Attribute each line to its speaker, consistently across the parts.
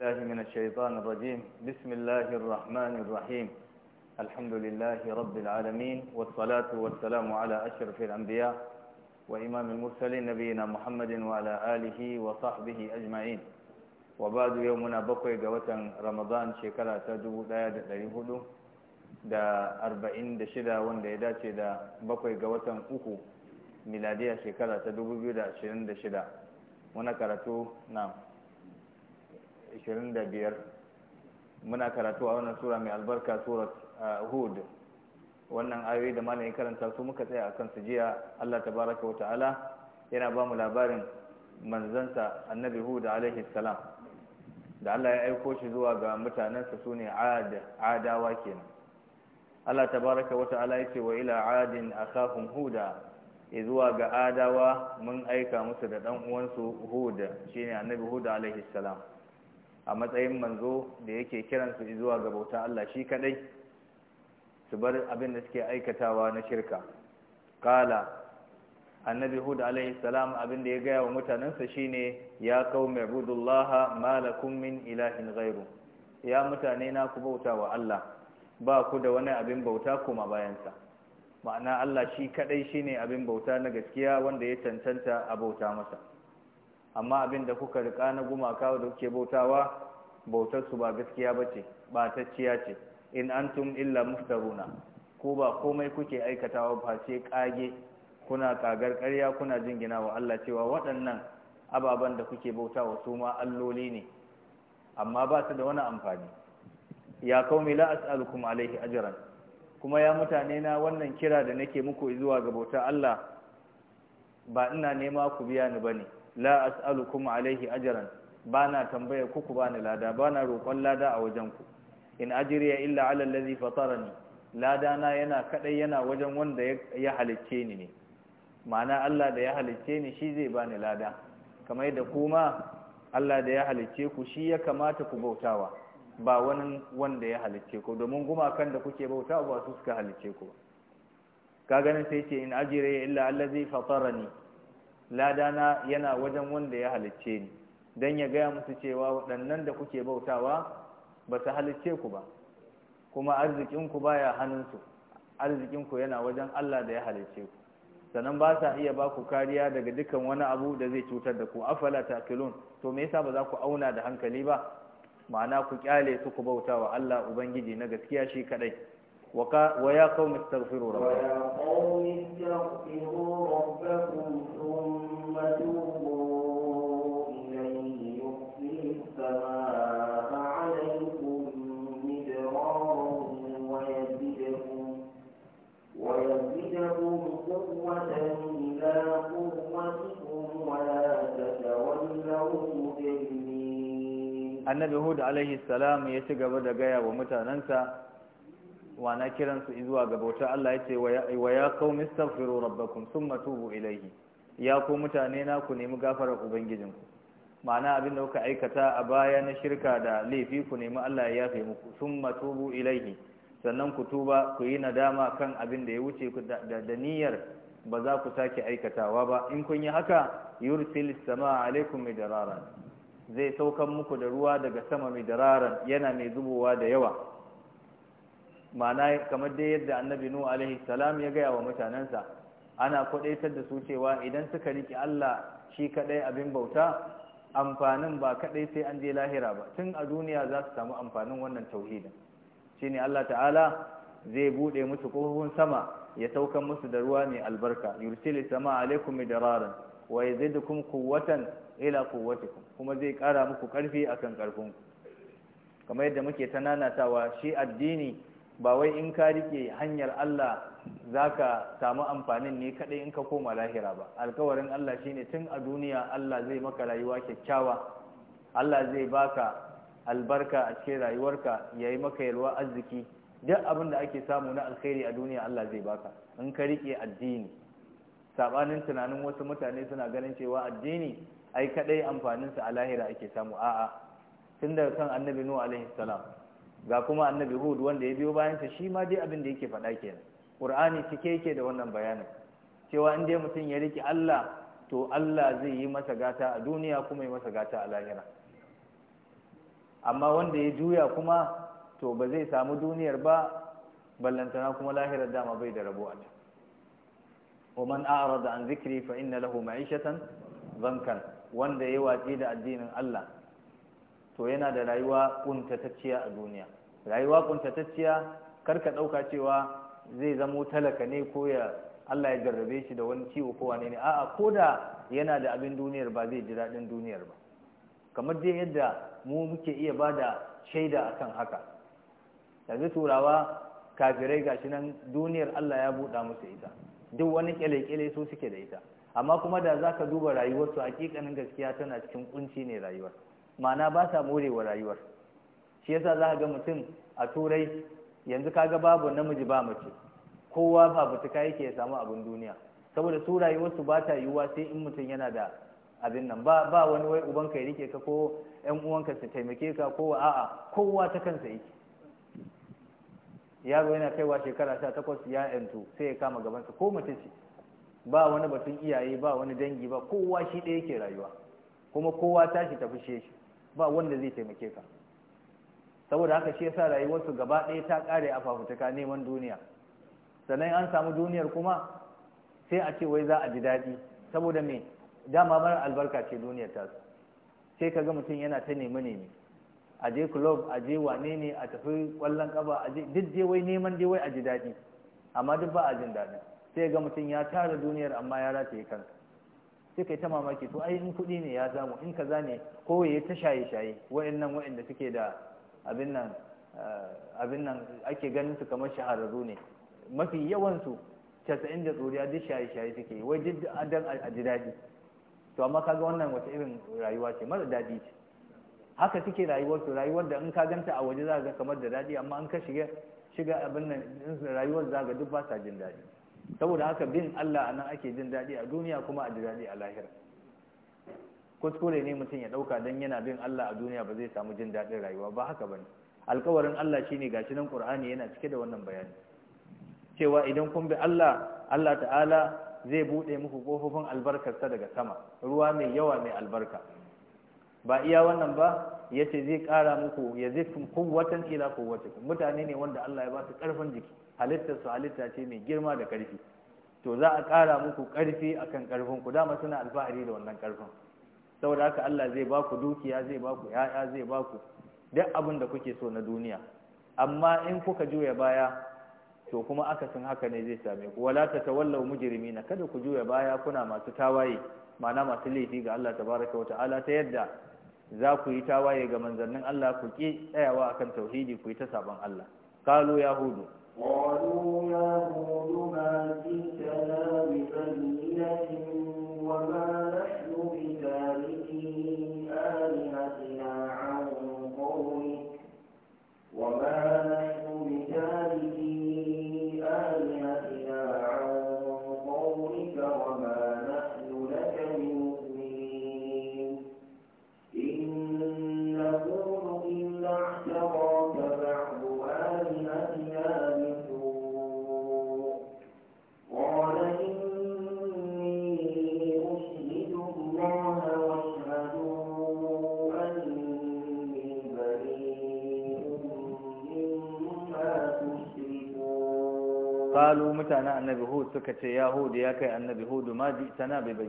Speaker 1: الله من الشيطان الرجيم بسم الله الرحمن الرحيم الحمد لله رب العالمين والصلاة والسلام على أشرف الأنبياء وإمام المرسلين نبينا محمد وعلى آله وصحبه أجمعين وبعد يومنا بقي قوة رمضان شكرا تدو لا يدهده دا أربعين دا شدا وان دا يداتي دا بقي قوة أكو ميلادية شكرا تدو بيو دا عشرين دا شدا ونكرتو نعم 25 muna karatu a wannan sura mai albarka surat hud wannan ayoyi da malamin karanta su muka tsaya a su jiya Allah tabaraka wa ta'ala yana ba mu labarin manzanta annabi hud alaihi salam da Allah ya aiko shi zuwa ga mutanensa su ne adawa kenan Allah tabaraka wa ta'ala ya ce wa ila adin akhahum huda zuwa ga adawa mun aika musu da dan uwansu hud shine annabi hud alaihi salam a matsayin manzo da yake kiransu zuwa ga bauta Allah shi kadai su bar abin da suke aikatawa na shirka kala annabi hud alaihi salam abin da ya gaya wa mutanensa shine ya qaumi budullaha malakum min ilahin ghairu ya mutane na ku bauta wa Allah ba ku da wani abin bauta kuma bayansa ma'ana Allah shi kadai shine abin bauta na gaskiya wanda ya tantanta a bauta masa amma abin da kuka rika na gumaka da kuke bautawa bautar su ba gaskiya bace batacciya ce in antum illa muftaruna ko ba komai kuke aikatawa face kage kuna kagar karya kuna jingina wa Allah cewa waɗannan ababen da kuke bautawa su ma alloli ne amma ba su da wani amfani ya qaumi la as'alukum alaihi ajran kuma ya mutane na wannan kira da nake muku zuwa ga bauta Allah ba ina nema ku biya ni bane la as'alukum alaihi ajran bana tambaya ku ku bani lada bana roƙon lada a wajen ku in ajriya illa ala allazi fatarani lada na yana kadai yana wajen wanda ya halicce ni ne ma'ana Allah da ya halicce ni shi zai bani lada kamar yadda kuma Allah da ya halicce ku shi ya kamata ku bautawa ba wani wanda ya halicce ku domin gumakan da kuke bautawa ba su suka halicce ku ka ganin sai ce in ajriya illa allazi fatarani ladana yana wajen wanda ya halicce ni don ya gaya musu cewa waɗannan da kuke bautawa ba su halicce ku ba kuma arzikinku baya hannunsu arzikinku yana wajen Allah da ya halicce ku sannan ba sa iya ba ku kariya daga dukkan wani abu da zai cutar da ku afala taqilun to me yasa ba za ku auna da hankali ba ma'ana ku kyale su ku bautawa Allah ubangiji na gaskiya shi kadai ويا قوم استغفروا ربكم ويا
Speaker 2: قوم استغفروا ربكم ثم توبوا إليه يحيي السماء عليكم مدرارا ويزدكم ويزدكم قوة إلى قوتكم ولا تتولوا مجرمين
Speaker 1: النبي هود عليه السلام يتقبل دقايا ومتاننسا wana kiransu zuwa ga bauta Allah ya ce wa ya qaumi astaghfiru rabbakum thumma tubu ilayhi ya ku mutane na ku nemi gafarar ubangijinku ma'ana abin da kuka aikata a baya na shirka da laifi ku nemi Allah ya yafe muku thumma tubu ilayhi sannan ku tuba ku yi nadama kan abin da ya wuce ku da niyyar ba za ku sake aikatawa ba in kun yi haka yursil samaa alaikum Midararan. zai saukan muku da ruwa daga sama Midararan yana mai zubowa da yawa ma'ana kamar dai yadda annabi nuhu alaihi salam ya gaya wa mutanensa ana kwadaitar da su cewa idan suka riƙe Allah shi kadai abin bauta amfanin ba kadai sai an je lahira ba tun a duniya za su samu amfanin wannan tauhidin shine Allah ta'ala zai buɗe musu kofofin sama ya saukan musu da ruwa mai albarka yursilu sama alaikum midraran wa yazidukum quwwatan ila quwwatikum kuma zai kara muku karfi akan karfinku kamar yadda muke ta nanatawa shi addini ba wai in ka rike hanyar Allah za ka samu amfanin ne kaɗai in ka koma lahira ba alkawarin Allah shine tun a duniya Allah zai maka rayuwa kyakkyawa Allah zai baka albarka a cikin rayuwarka yayi maka yalwa arziki duk abin da ake samu na alkhairi a duniya Allah zai baka in ka rike addini sabanin tunanin wasu mutane suna ganin cewa addini ai kaɗai amfaninsa a lahira ake samu a'a tun daga kan annabi nuhu alaihi salam ga kuma annabi hud wanda ya biyo bayansa shi ma dai abin da yake faɗa kenan qur'ani cike yake da wannan bayanin cewa in dai mutum ya riki Allah to Allah zai yi masa gata a duniya kuma yi masa gata a lahira amma wanda ya juya kuma to ba zai samu duniyar ba ballantana kuma lahirar dama bai da rabo a ta a'rada an zikri fa inna lahu ma'ishatan Zankan wanda ya watsi da addinin Allah to yana da rayuwa kuntatacciya a duniya rayuwa kuntatacciya ka ɗauka cewa zai zamo talaka ne ko ya Allah ya jarrabe shi da wani ciwo ko wane ne a'a ko da yana da abin duniyar ba zai ji daɗin duniyar ba kamar dai yadda mu muke iya ba da shaida kan haka yanzu turawa kafirai gashi nan duniyar Allah ya buɗa musu ita duk wani kyale-kyale su suke da ita amma kuma da zaka duba rayuwarsu hakikanin gaskiya tana cikin ƙunci ne rayuwar ma'ana ba sa morewa rayuwar shi yasa za ga mutum a turai yanzu kaga babu namiji ba mace kowa ba fafutuka yake ya samu abin duniya saboda su rayuwarsu ba ta yiwuwa sai in mutum yana da abin nan ba wani wai ubanka ya rike ka ko yan uwanka su taimake ka ko a'a kowa ta kansa yake yaro yana kaiwa shekara sha takwas ya yantu sai ya kama gabansa ko mace ce ba wani batun iyaye ba wani dangi ba kowa shi ɗaya yake rayuwa kuma kowa tashi ta shi ba wanda zai taimake ka saboda haka shi yasa su gaba ɗaya ta ƙare a fafutuka neman duniya sannan an samu duniyar kuma sai a ce wai za a ji daɗi saboda me dama mara albarka ce duniyar ta sai ka ga mutum yana ta nemi nemi a je club a je wane ne a tafi ƙwallon kaba a je duk je wai neman je wai a ji daɗi amma duk ba a jin daɗi sai ga mutum ya tara duniyar amma ya rataye kansa sai kai ta mamaki to ai in kuɗi ne ya samu in ka ne ko ya ta shaye shaye wa'annan wa'anda suke da abin nan eh, abin nan ake ganin su kamar shahararru ne mafi yawan su casa'in da tsoriya duk shaye shaye suke wai duk dan a ji daɗi to amma kaga wannan wata irin rayuwa ce mara daɗi ce haka suke rayuwar su rayuwar da in ka ganta a waje za ga kamar da daɗi amma in ka shiga shiga abin nan rayuwar za ga duk ba sa jin daɗi saboda haka bin Allah a nan ake jin daɗi a duniya kuma a ji daɗi a lahira kuskure ne mutum ya ɗauka don yana bin Allah a duniya ba zai samu jin daɗin rayuwa ba haka ba ne alkawarin Allah shi ne ga shi nan Kur'ani yana cike da wannan bayani cewa idan kun bi Allah Allah ta'ala zai buɗe muku ƙofofin albarkarsa daga sama ruwa mai yawa mai albarka ba iya wannan ba yace zai ƙara muku ya zifin kuwwatan ila kuwwatikum mutane ne wanda Allah ya ba su ƙarfin jiki halittar su halitta ce mai girma da ƙarfi to za a ƙara muku ƙarfi akan ƙarfin ku dama suna alfahari da wannan ƙarfin saboda haka Allah zai ba ku dukiya zai ba ku ya'ya zai ba ku duk abin da kuke so na duniya amma in kuka juya baya to kuma akasin haka ne zai same ku wala ta tatawallaw mujrimina kada ku juya baya kuna masu tawaye ma'ana masu laifi ga Allah tabaraka wa ta'ala ta yadda za ku yi tawaye ga manzannin Allah ku ki tsayawa akan tauhidi ku yi ta sabon Allah qalu yahudu
Speaker 2: قالوا يا هود ما جئتنا ببينة وما
Speaker 1: mutanen annabi hud suka ce ya hud ya kai annabi hud ma ji tana bai ba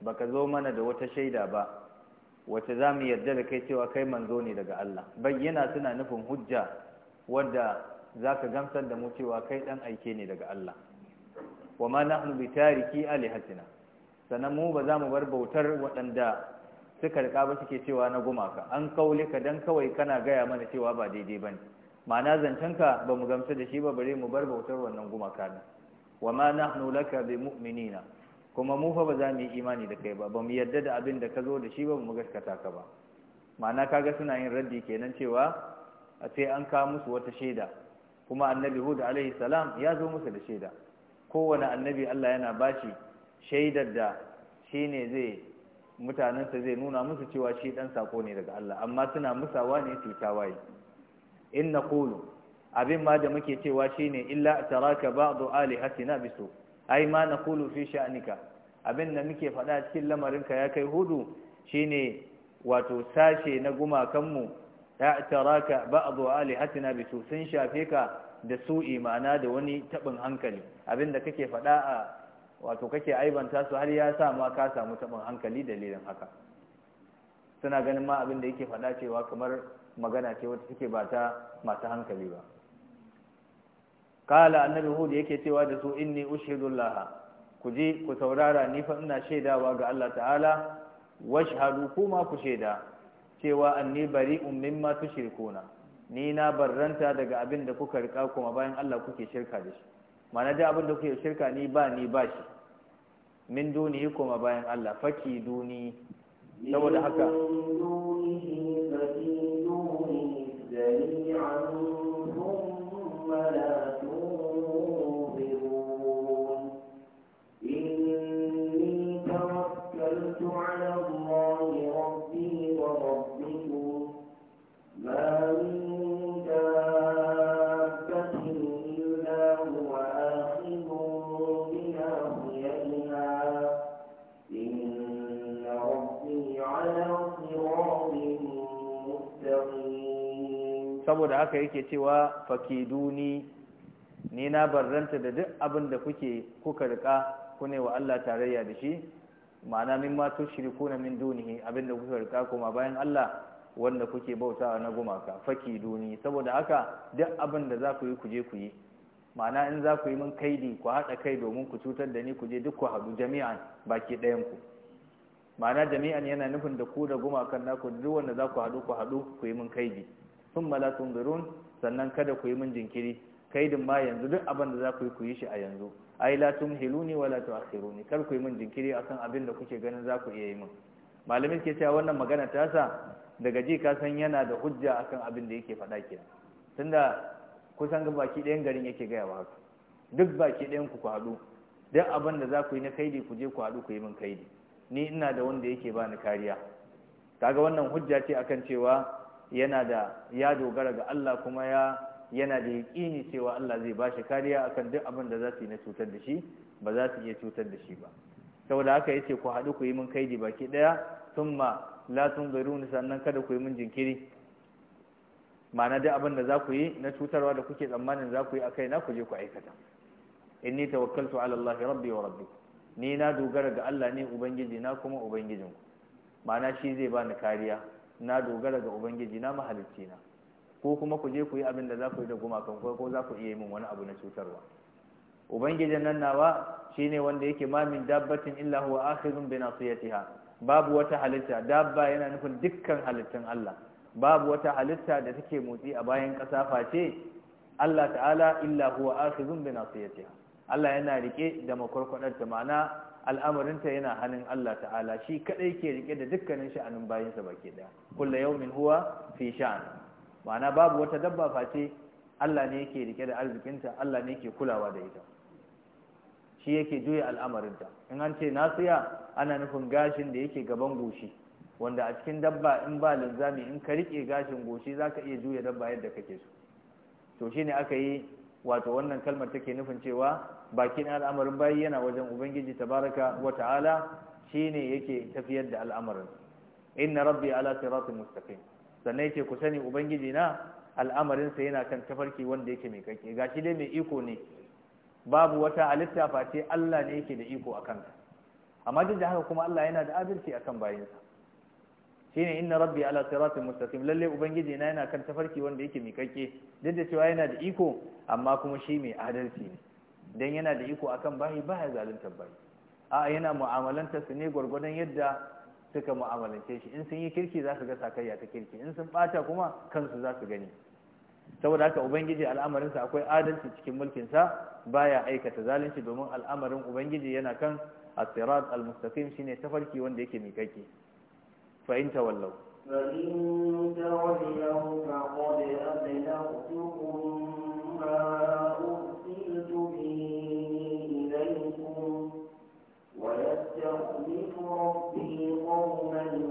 Speaker 1: baka zo mana da wata shaida ba wace za mu yarda da kai cewa kai manzo ne daga Allah bayyana suna nufin hujja wadda za ka gamsar da mu cewa kai dan aike ne daga Allah wa ma nahnu bi tariki alihatina sanan mu ba za mu bar bautar waɗanda suka riƙa ba suke cewa na gumaka an kaulika dan kawai kana gaya mana cewa ba daidai bane ma'ana zancenka ba mu gamsu da shi ba bare mu bar bautar wannan gumaka ne wa ma nahnu laka bi mu'minina kuma mu fa ba za mu yi imani da kai ba ba mu yarda da abin da ka zo da shi ba mu gaskata ka ba ma'ana kaga suna yin raddi kenan cewa sai an kawo musu wata shaida kuma annabi hudu alaihi salam ya zo musu da shaida kowane annabi Allah yana bashi shaidar da shine zai mutanensa zai nuna musu cewa shi dan sako ne daga Allah amma suna musawa ne su tawaye in nakulu abin ma da muke cewa shine illa a taraka ba'du hasina bisu ai ma kulu fi sha'nika abin da muke faɗa cikin lamarin ka ya kai hudu shine wato sashe na gumakanmu ya taraka ba'du hasina bisu sun shafe ka da su imana da wani tabin hankali abin da kake faɗa a wato kake aibanta su har ya sa ma ka samu tabin hankali dalilin haka suna ganin ma abin da yake faɗa cewa kamar magana ce wata suke ba ta masu hankali ba kala annabi hud yake cewa da su inni ushhidullah ku ji ku saurara ni fa ina shaidawa ga Allah ta'ala washhadu kuma ku shaida cewa anni bari'un mimma tushrikuna ni na barranta daga abin da kuka rika kuma bayan Allah kuke shirka da shi mana da abin da kuke shirka ni ba ni ba shi min duni kuma bayan Allah faki duni saboda haka عنه saboda haka yake cewa fakiduni ni na barranta da duk abin da kuke kuka rika kune wa Allah tarayya da shi ma'ana min ma na min dunihi abin da kuka rika kuma bayan Allah wanda kuke bauta na gumaka fakiduni saboda haka duk abin da za ku yi ku je ku yi ma'ana in za ku yi min kaidi ku haɗa kai domin ku cutar da ni ku je duk ku haɗu jami'an baki ɗayan ku ma'ana jami'an yana nufin da ku da gumakan naku duk wanda za ku haɗu ku haɗu ku yi min kaidi Sun la tunzirun sannan kada ku yi min jinkiri kaidin ma yanzu duk abin da za ku yi ku yi shi a yanzu ai la hiluni wala akhiruni kar ku yi min jinkiri akan abin da kuke ganin za ku iya yi min malamin ke cewa wannan magana ta sa daga ji ka san yana da hujja akan abin da yake faɗa kenan tunda kusan ga baki ɗayan garin yake gaya wa haka duk baki ɗayan ku ku haɗu duk abin da za ku yi na kaidi ku je ku haɗu ku yi min kaidi ni ina da wanda yake ba ni kariya kaga wannan hujja ce akan cewa yana da ya dogara ga Allah kuma ya yana da yaƙini cewa Allah zai ba shi kariya akan duk abin da za su yi na cutar da shi ba za su iya cutar da shi ba saboda haka ya ce ku haɗu ku yi min kaidi baki ɗaya sun latin la ni sannan kada ku yi min jinkiri ma'ana duk abin da za ku yi na cutarwa da kuke tsammanin za ku yi a kai na ku je ku aikata inni tawakkaltu ala Allah rabbi wa rabbi ni na dogara ga Allah ne ubangiji na kuma ubangijinku ma'ana shi zai bani kariya na dogara ga ubangiji na mahalicci na ko kuma ku je ku yi abin da za ku yi da gumakan ko ko za ku iya yi min wani abu na cutarwa ubangijin nan nawa shine wanda yake ma min dabbatin illa huwa akhizun bi nasiyatiha babu wata halitta dabba yana nufin dukkan halittun Allah babu wata halitta da take motsi a bayan ƙasa face Allah ta'ala illa huwa akhizun bi nasiyatiha Allah yana rike da makwarkwadarta ma'ana al'amarinta yana hannun Allah ta'ala shi kadai ke rike da dukkanin sha'anin bayansa baki daya yau yaumin huwa fi sha'an ma'ana babu wata dabba face Allah ne yake rike da arzikinta Allah ne yake kulawa da ita shi yake juya al'amarinta in an ce nasiya ana nufin gashin da yake gaban goshi wanda a cikin dabba in ba linzami in ka rike gashin goshi zaka iya juya dabba yadda kake so to ne aka yi wato wannan kalmar take nufin cewa bakin al'amarin bayi yana wajen ubangiji tabaraka wa ta'ala shine yake tafiyar da al'amarin inna rabbi ala siratin mustaqim sannan yake ku sani ubangiji na al'amarin sa yana kan tafarki wanda yake mai kake gashi dai mai iko ne babu wata halitta face Allah ne yake da iko akan amma duk da haka kuma Allah yana da adalci akan bayinsa shine inna rabbi ala siratin mustaqim lalle ubangiji na yana kan tafarki wanda yake mikakke duk da cewa yana da iko amma kuma shi mai adalci ne dan yana da iko akan bayi baya zalunta bayi a yana mu'amalanta su ne gwargwadon yadda suka mu'amalance shi in sun yi kirki za su ga sakayya ta kirki in sun bata kuma kansu za su gani saboda haka ubangiji al'amarinsa akwai adalci cikin mulkin mulkinsa baya aikata zalunci domin al'amarin ubangiji yana kan asirat al-mustaqim shine tafarki wanda yake mikakke فإن تولوا
Speaker 2: فإن تولوا فقد أبلغتكم ما أرسلت به إليكم ويستخلف ربي قوما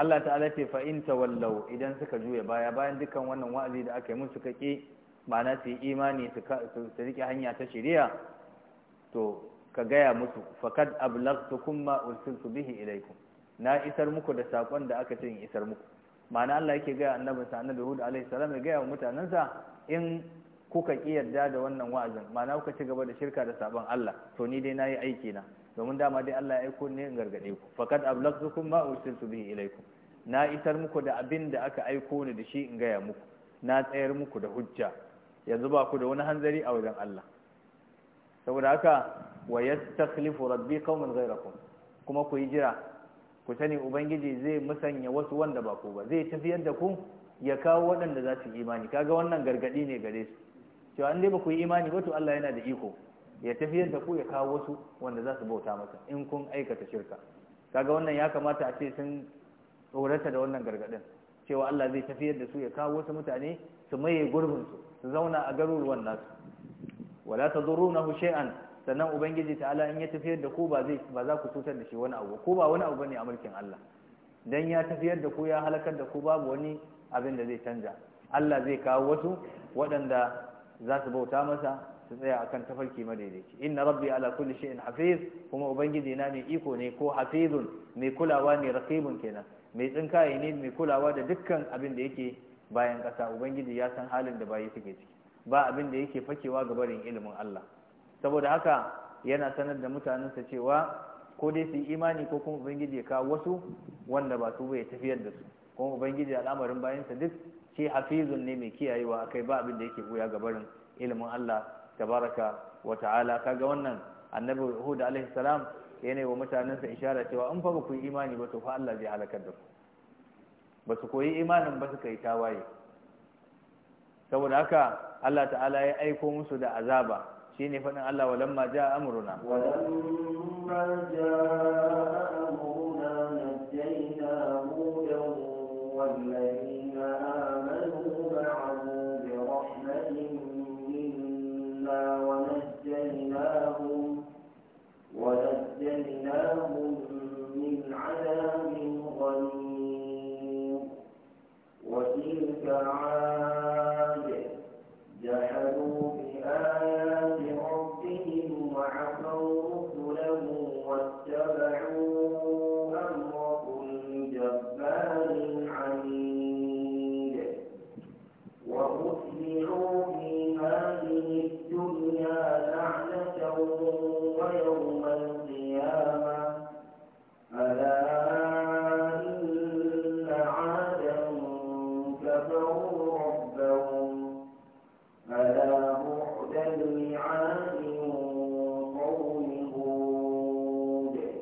Speaker 1: Allah ta'ala ce fa in tawallau idan suka juya baya bayan dukkan wannan wa'azi da aka yi musu kake ma'ana su yi imani su rike hanya ta shari'a to ka gaya musu faqad ablaghtukum ma ursiltu bihi ilaykum na isar muku da sakon da aka ce in isar muku ma'ana Allah yake gaya annabin sa annabi Hud alaihi salam ya gaya wa mutanensa in kuka ki yarda da wannan wa'azin ma'ana kuka ci gaba da shirka da sabon Allah to ni dai na yi aiki na domin dama dai Allah ya aiko ne in gargade ku faqad ablaghtukum ma ursiltu bihi ilaykum na isar muku da abin da aka aiko ni da shi in gaya muku na tsayar muku da hujja yanzu ba ku da wani hanzari a wajen Allah saboda haka wa yastakhlifu rabbi qauman ghayrakum kuma ku yi jira ku sani ubangiji zai musanya wasu wanda ba ku ba zai tafiyar da ku ya kawo waɗanda za su imani kaga wannan gargadi ne gare su cewa an dai ba ku yi imani ba to Allah yana da iko ya tafiyar da ku ya kawo wasu wanda za su bauta masa in kun aikata shirka kaga wannan ya kamata a ce sun tsorata da wannan gargadin cewa Allah zai tafiyar da su ya kawo wasu mutane su maye gurbin su su zauna a garuruwan nasu wala hushe shay'an sannan ubangiji ta'ala in ya tafiyar da ku ba zai ba za ku cutar da shi wani abu ko ba wani abu bane a mulkin Allah dan ya tafiyar da ku ya halakar da ku babu wani abin da zai canja Allah zai kawo wasu waɗanda za su bauta masa su tsaya akan tafarki madaidaici inna rabbi ala kulli shay'in hafiz kuma ubangiji na mai iko ne ko hafizun mai kulawa ne raqibun kenan mai tsinkaye ne mai kulawa da dukkan abin da yake bayan kasa ubangiji ya san halin da bayi suke ciki ba abin da yake fakewa ga barin ilimin Allah saboda haka yana sanar da mutanen sa cewa ko dai su imani ko kuma ubangiji ya kawo wasu wanda ba su bai tafiyar da su kuma ubangiji al'amarin bayansa duk shi hafizun ne mai kiyayewa akai ba abin da yake buya ga barin ilimin Allah tabaraka wa ta'ala kaga wannan annabi hud alaihi salam yana wa mutanensa ishara cewa in fa ku imani ba to fa Allah zai halakar da ku ba su koyi imanin ba suka yi tawaye saboda haka Allah ta'ala ya aiko musu da azaba shine faɗin Allah walamma ja'a amruna
Speaker 2: walamma ja'a amruna najjayna hudan wal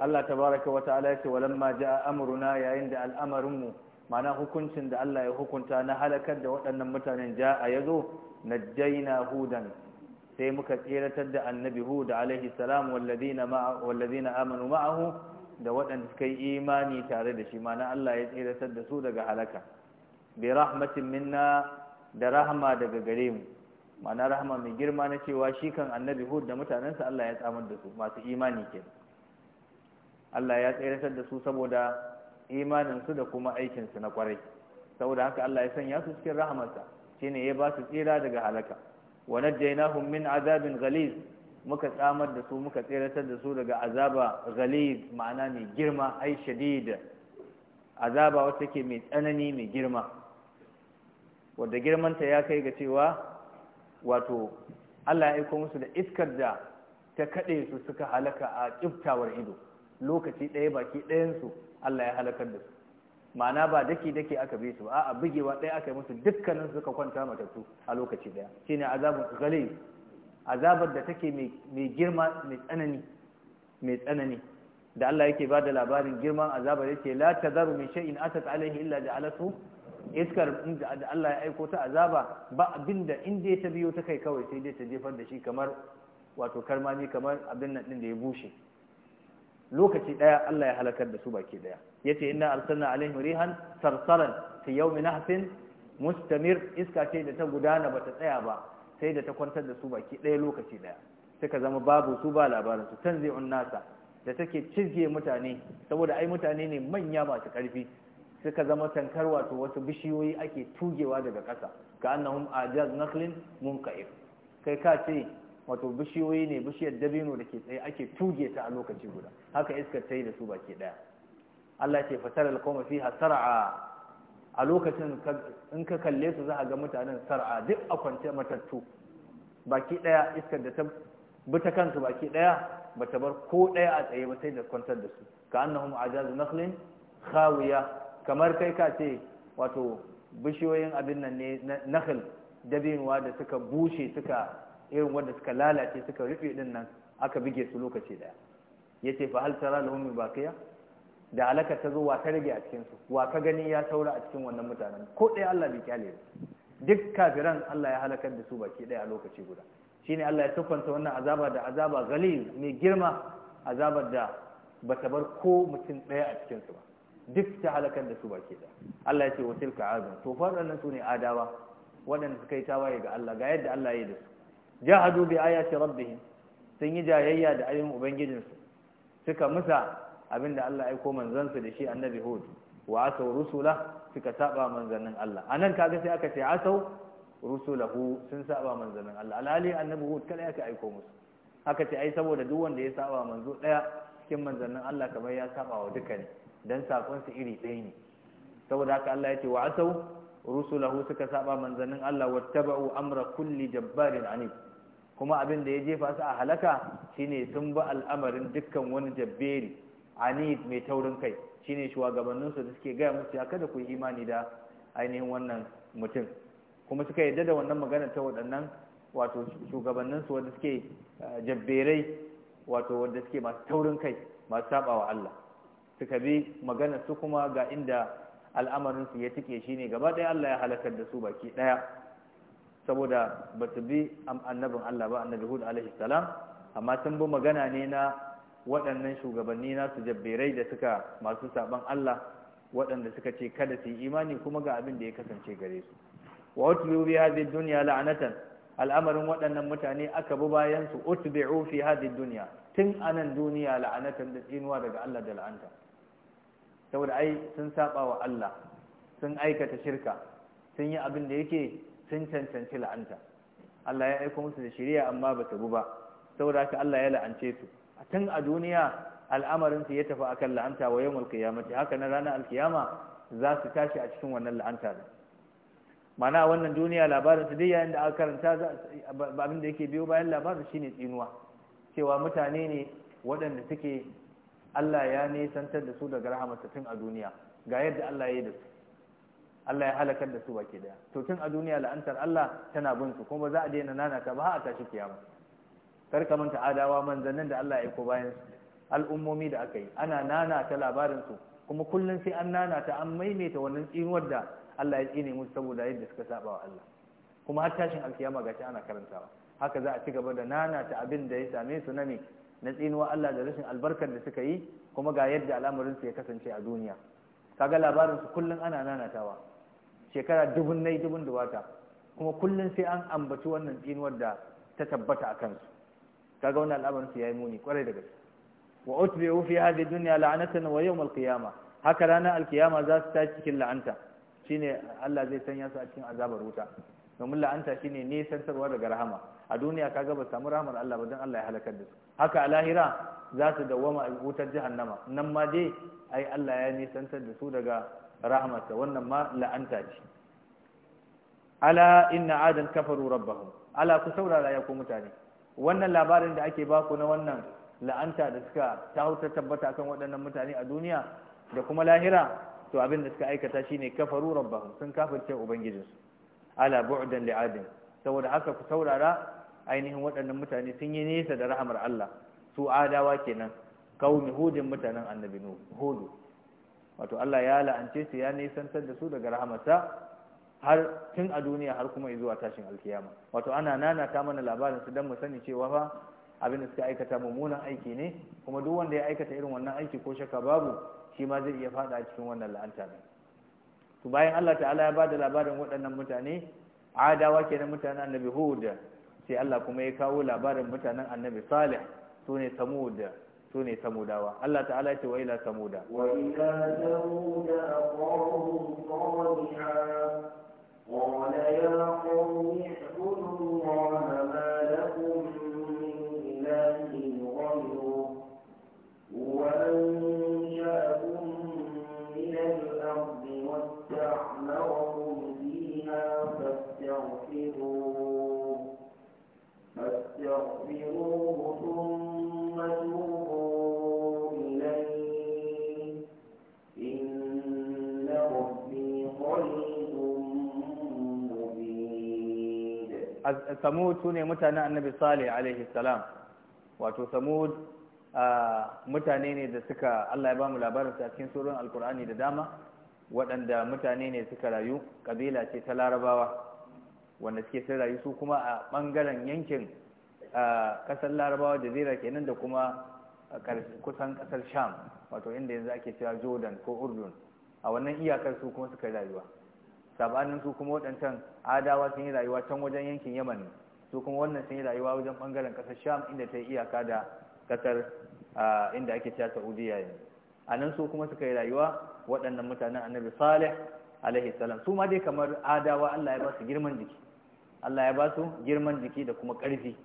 Speaker 1: Allah tabaraka wa ta'ala yace walamma jaa amruna yayin da al'amarin mu hukuncin da Allah ya hukunta na halakar da waɗannan mutanen jaa yazo najjayna hudan sai muka tseratar da annabi hud alaihi salam walladina ma'a walladina amanu ma'ahu da waɗanda suka yi imani tare da shi ma'ana Allah ya tseratar da su daga halaka bi rahmatin minna da rahama daga gare mu ma'ana rahama mai girma na cewa shi kan annabi hud da mutanensa Allah ya tsamar da su masu imani kenan Allah ya tsayar da su saboda imaninsu da kuma aikinsu na kwarai saboda haka Allah ya sanya su cikin rahamarsa shine ya ba su tsira daga halaka wa najjaynahum min azabin ghaliz muka tsamar da su muka tseratar da su daga azaba ghaliz ma'ana mai girma ai shadid azaba wacce ke mai tsanani mai girma wanda girmanta ya kai ga cewa wato Allah ya aiko musu da iskar da ta kade su suka halaka a tsiftawar ido lokaci ɗaya baki ɗayansu Allah ya halakar da su ma'ana ba daki daki aka bi su a bugewa ɗaya aka yi musu dukkanin suka kwanta matattu a lokaci ɗaya shine azabun gale azabar da take mai girma mai tsanani da Allah yake ba da labarin girman azabar yake la tazaru min shay'in atat alaihi illa ja'alatu iskar da Allah ya aiko ta azaba ba abinda inda ta biyo ta kai kawai sai dai ta jefar da shi kamar wato karmami kamar abin nan din da ya bushe lokaci daya Allah ya halakar da su baki daya yace inna arsalna alaihim rihan sarsaran fi yawmin nahsin mustamir iska ce da ta gudana bata tsaya ba sai da ta kwantar da su baki daya lokaci daya suka zama babu su ba labarin su tanzi'un unnasa. da take cizge mutane saboda ai mutane ne manya masu karfi suka zama tankar wato wasu bishiyoyi ake tugewa daga ƙasa ka annahum ajaz naklin munqa'ir kai ka ce wato bishiyoyi ne bishiyar dabino da ke tsaye ake tuge ta a lokaci guda haka iskar ta yi da su baki daya Allah ce fatar alkawar fi sar'a a lokacin in ka kalle su za a ga mutanen sar'a duk a kwance matattu baki daya iskar da ta bi ta kansu baki daya ba ta bar ko daya a tsaye ba sai da kwantar da su ka annahum ajazu nakhlin khawiya kamar kai ka ce wato bishiyoyin abin nan ne nakhil dabinuwa da suka bushe suka irin wanda suka lalace suka rufe din nan aka bige su lokaci daya yace fa hal tara lahum min baqiya da alaka ta zo wa ta rage a cikin su wa ka gani ya saura a cikin wannan mutanen ko dai Allah bai kyale duk kafiran Allah ya halakar da su baki daya a lokaci guda shine Allah ya tukunta wannan azaba da azaba galil mai girma azabar da ba ta bar ko mutum daya a cikin su ba duk ta halakar da su baki daya Allah ya ce wa tilka azab to fa waɗannan su adawa waɗanda suka yi tawaye ga Allah ga yadda Allah ya yi da su jahadu bi ayati rabbihim sun yi jayayya da ubangijin ubangijinsu suka musa abinda Allah ya aiko manzansa da shi annabi hud wa asaw rusula suka saba manzannin Allah anan kaga sai aka ce asaw rusulahu sun saba manzannin Allah alali annabi hud kada yake aiko musu aka ce ai saboda duk wanda ya saba manzo daya cikin manzannin Allah kamar ya saba wa duka ne dan sakon su iri ɗaya ne saboda haka Allah ya ce wa asaw rusulahu suka saba manzannin Allah wattaba'u amra kulli jabbarin anid kuma abin da ya jefa su a halaka shine sun bi al'amarin dukkan wani jabberi ani mai taurin kai shine shugabanninsu da suke gaya musu ya kada ku imani da ainihin wannan mutum kuma suka yadda da wannan magana ta waɗannan wato shugabanninsu wanda suke eh, jabberai wato wanda suke masu taurin kai masu sabawa Allah suka bi magana su kuma ga inda al'amarin su ya tike shine gaba ɗaya Allah ya halakar da su baki ɗaya saboda ba su bi annabin Allah ba annabi Hud alaihi salam amma sun bi magana ne na waɗannan shugabanni na su jabberai da suka masu saban Allah waɗanda suka ce kada su yi imani kuma ga abin da ya kasance gare su wa utlu bi hadhihi dunya la'anatan al'amarin waɗannan mutane aka bi bayan su utbi'u fi hadhihi dunya tun anan duniya la'anatan da tsinuwa daga Allah da la'anta saboda ai sun saba wa Allah sun aikata shirka sun yi abin da yake sun cancanci la'anta Allah ya aiko musu da shari'a amma ba ta bu ba saboda haka Allah ya la'ance su tun a duniya al'amarin su ya tafi akan la'anta wa yawmul qiyamati haka na ranar alkiyama za su tashi a cikin wannan la'anta da mana wannan duniya labarin su dai yayin da aka karanta abin da yake biyo bayan labarin shine tsinuwa cewa mutane ne waɗanda suke Allah ya nisantar da su daga rahamarsa tun a duniya ga yadda Allah ya yi da su Allah ya halakar da su baki daya to tun a duniya la'antar Allah tana bin su kuma za a daina nanata ba a tashi kiyama kar ka manta adawa manzannin da Allah ya aiko bayan su al'ummomi da aka yi ana nanata labarin su kuma kullum sai an nanata an maimaita wannan tsinuwar da Allah ya tsine musu saboda yadda suka saba wa Allah kuma har tashin alkiyama gashi ana karantawa haka za a ci gaba da nanata abin da ya same su na ne na tsinuwa Allah da rashin albarkar da suka yi kuma ga yadda al'amarin su ya kasance a duniya kaga labarin su kullum ana nanatawa shekara dubun nai dubun da wata kuma kullum sai an ambaci wannan tsinuwar da ta tabbata a kansu kaga wannan al'amarin su yayi muni kwarai da gaske wa utbi'u fi hadhihi dunya la'anatan wa yawm al-qiyamah haka ranar alkiyama za su tashi cikin la'anta shine Allah zai sanya su a cikin azabar wuta domin la'anta shine nesantarwa daga rahama a duniya kaga ba samu rahamar Allah ba dan Allah ya halakar da su haka a lahira za su dawwama a wutar jahannama nan ma dai ai Allah ya nisantar da su daga rahmata wannan ma la'anta ce ala inna adan kafaru rabbahum ala ku saurara ya ku mutane wannan labarin da ake baku na wannan la'anta da suka ta hauta tabbata kan waɗannan mutane a duniya da kuma lahira to abin da suka aikata shine kafaru rabbahum sun kafirce ubangijinsu ala bu'dan li'adin saboda haka ku saurara ainihin waɗannan mutane sun yi nesa da rahamar Allah su adawa kenan kaumi hudin mutanen annabi hudu wato Allah ya la'ance su ya nisantar da su daga rahamarsa har tun a duniya har kuma zuwa tashin alkiyama wato ana ta mana labarin su dan mu sani cewa fa abin da suka aikata mummunan aiki ne kuma duk wanda ya aikata irin wannan aiki ko shakka babu shi ma zai iya fada cikin wannan la'anta ne to bayan Allah ta'ala ya bada labarin waɗannan mutane adawa kenan mutanen annabi hud sai Allah kuma ya kawo labarin mutanen annabi salih sune samud سوني ثمودا samudawa Allah ta'ala ce wa ila samuda wa ila
Speaker 2: قال يا قوم اعبدوا الله ما لكم من إله غيره هو أنشأكم من الأرض واستعمركم فيها فاستغفروه فاستغفروه
Speaker 1: samud su ne mutanen annabi salih alaihi salam wato samud mutane ne da suka allah ya ba mu labarin a cikin surun alkur'ani da dama waɗanda mutane ne suka rayu ƙabila ce ta larabawa wanda suke sun rayu su kuma a ɓangaren yankin ƙasar larabawa da zira kenan da kuma kusan ƙasar sham wato inda yanzu ake cewa jordan ko urdun a wannan iyakar su kuma suka rayuwa sabanin su kuma waɗancan adawa sun yi rayuwa can wajen yankin yaman su kuma wannan sun yi rayuwa wajen ɓangaren ƙasar sham inda ta yi iyaka da ƙasar inda ake cewa saudiya yanzu a nan su kuma suka yi rayuwa waɗannan mutanen annabi salih alaihi salam su ma dai kamar adawa allah ya ba su girman jiki allah ya ba su girman jiki da kuma ƙarfi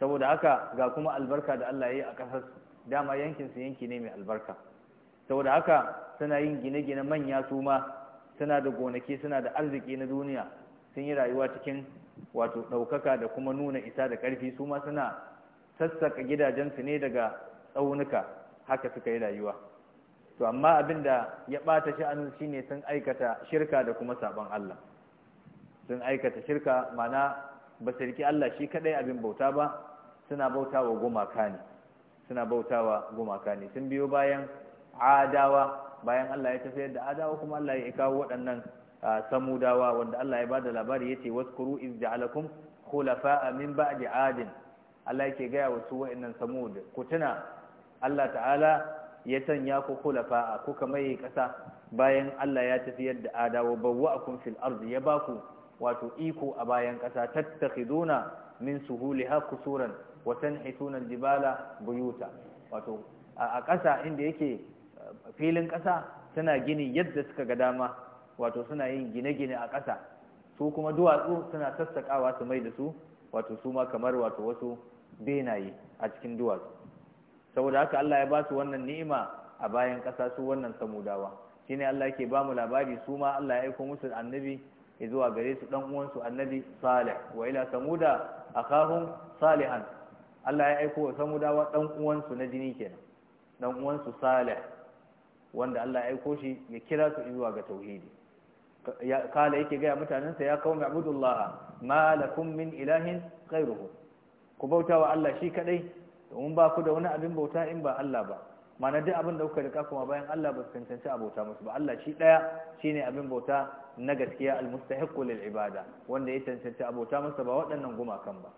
Speaker 1: saboda haka ga kuma albarka da allah ya yi a ƙasar dama yankin su yanki ne mai albarka saboda haka suna yin gine-gine manya su ma suna da gonaki suna da arziki na duniya sun yi rayuwa cikin wato ɗaukaka da kuma nuna isa da ƙarfi su ma suna sassaka gidajensu ne daga tsaunuka haka suka yi rayuwa to amma abin da ya ɓata sha'anin shine sun aikata shirka da kuma sabon Allah sun aikata shirka mana ba su riƙi Allah shi kaɗai abin bauta ba suna bautawa gumaka ne suna bautawa gumaka ne sun biyo bayan adawa bayan Allah ya tafiyar da adawa kuma Allah ya kawo waɗannan samudawa wanda Allah ya da labari yace waskuru iz ja'alakum khulafa'a min ba'di 'adin Allah yake gaya wa su wa'annan samud ku tuna Allah ta'ala ya sanya ku khulafa'a kuka yi kasa bayan Allah ya tafiyar da adawa bawwa'akum fil ardi ya baku wato iko a bayan kasa tattakhiduna min suhuliha kusuran wa tanhituna al-jibala buyuta wato a ƙasa inda yake filin ƙasa suna gini yadda suka ga dama wato suna yin gine-gine a ƙasa su kuma duwatsu suna sassaƙawa su mai da su wato su ma kamar wato wasu benaye a cikin duwatsu saboda haka Allah ya ba su wannan ni'ima a bayan ƙasa su wannan samudawa shine Allah yake ba mu labari su ma Allah ya aiko musu annabi ya zuwa gare su dan uwansu annabi Salih wa ila samuda akahum salihan Allah ya aiko wa samudawa dan uwansu na jini kenan dan uwansu Salih wanda Allah ya aiko shi ya kira su zuwa ga tauhidi kala yake gaya mutanensa ya kawo ma'budullah ma lakum min ilahin ghayruhu ku bauta wa Allah shi kadai domin ba ku da wani abin bauta in ba Allah ba mana duk abin da kuka rika kuma bayan Allah ba su cancanci a bauta musu ba Allah shi daya shine abin bauta na gaskiya almustahiqqu lil ibada wanda ya cancanci a bauta masa ba waɗannan gumakan ba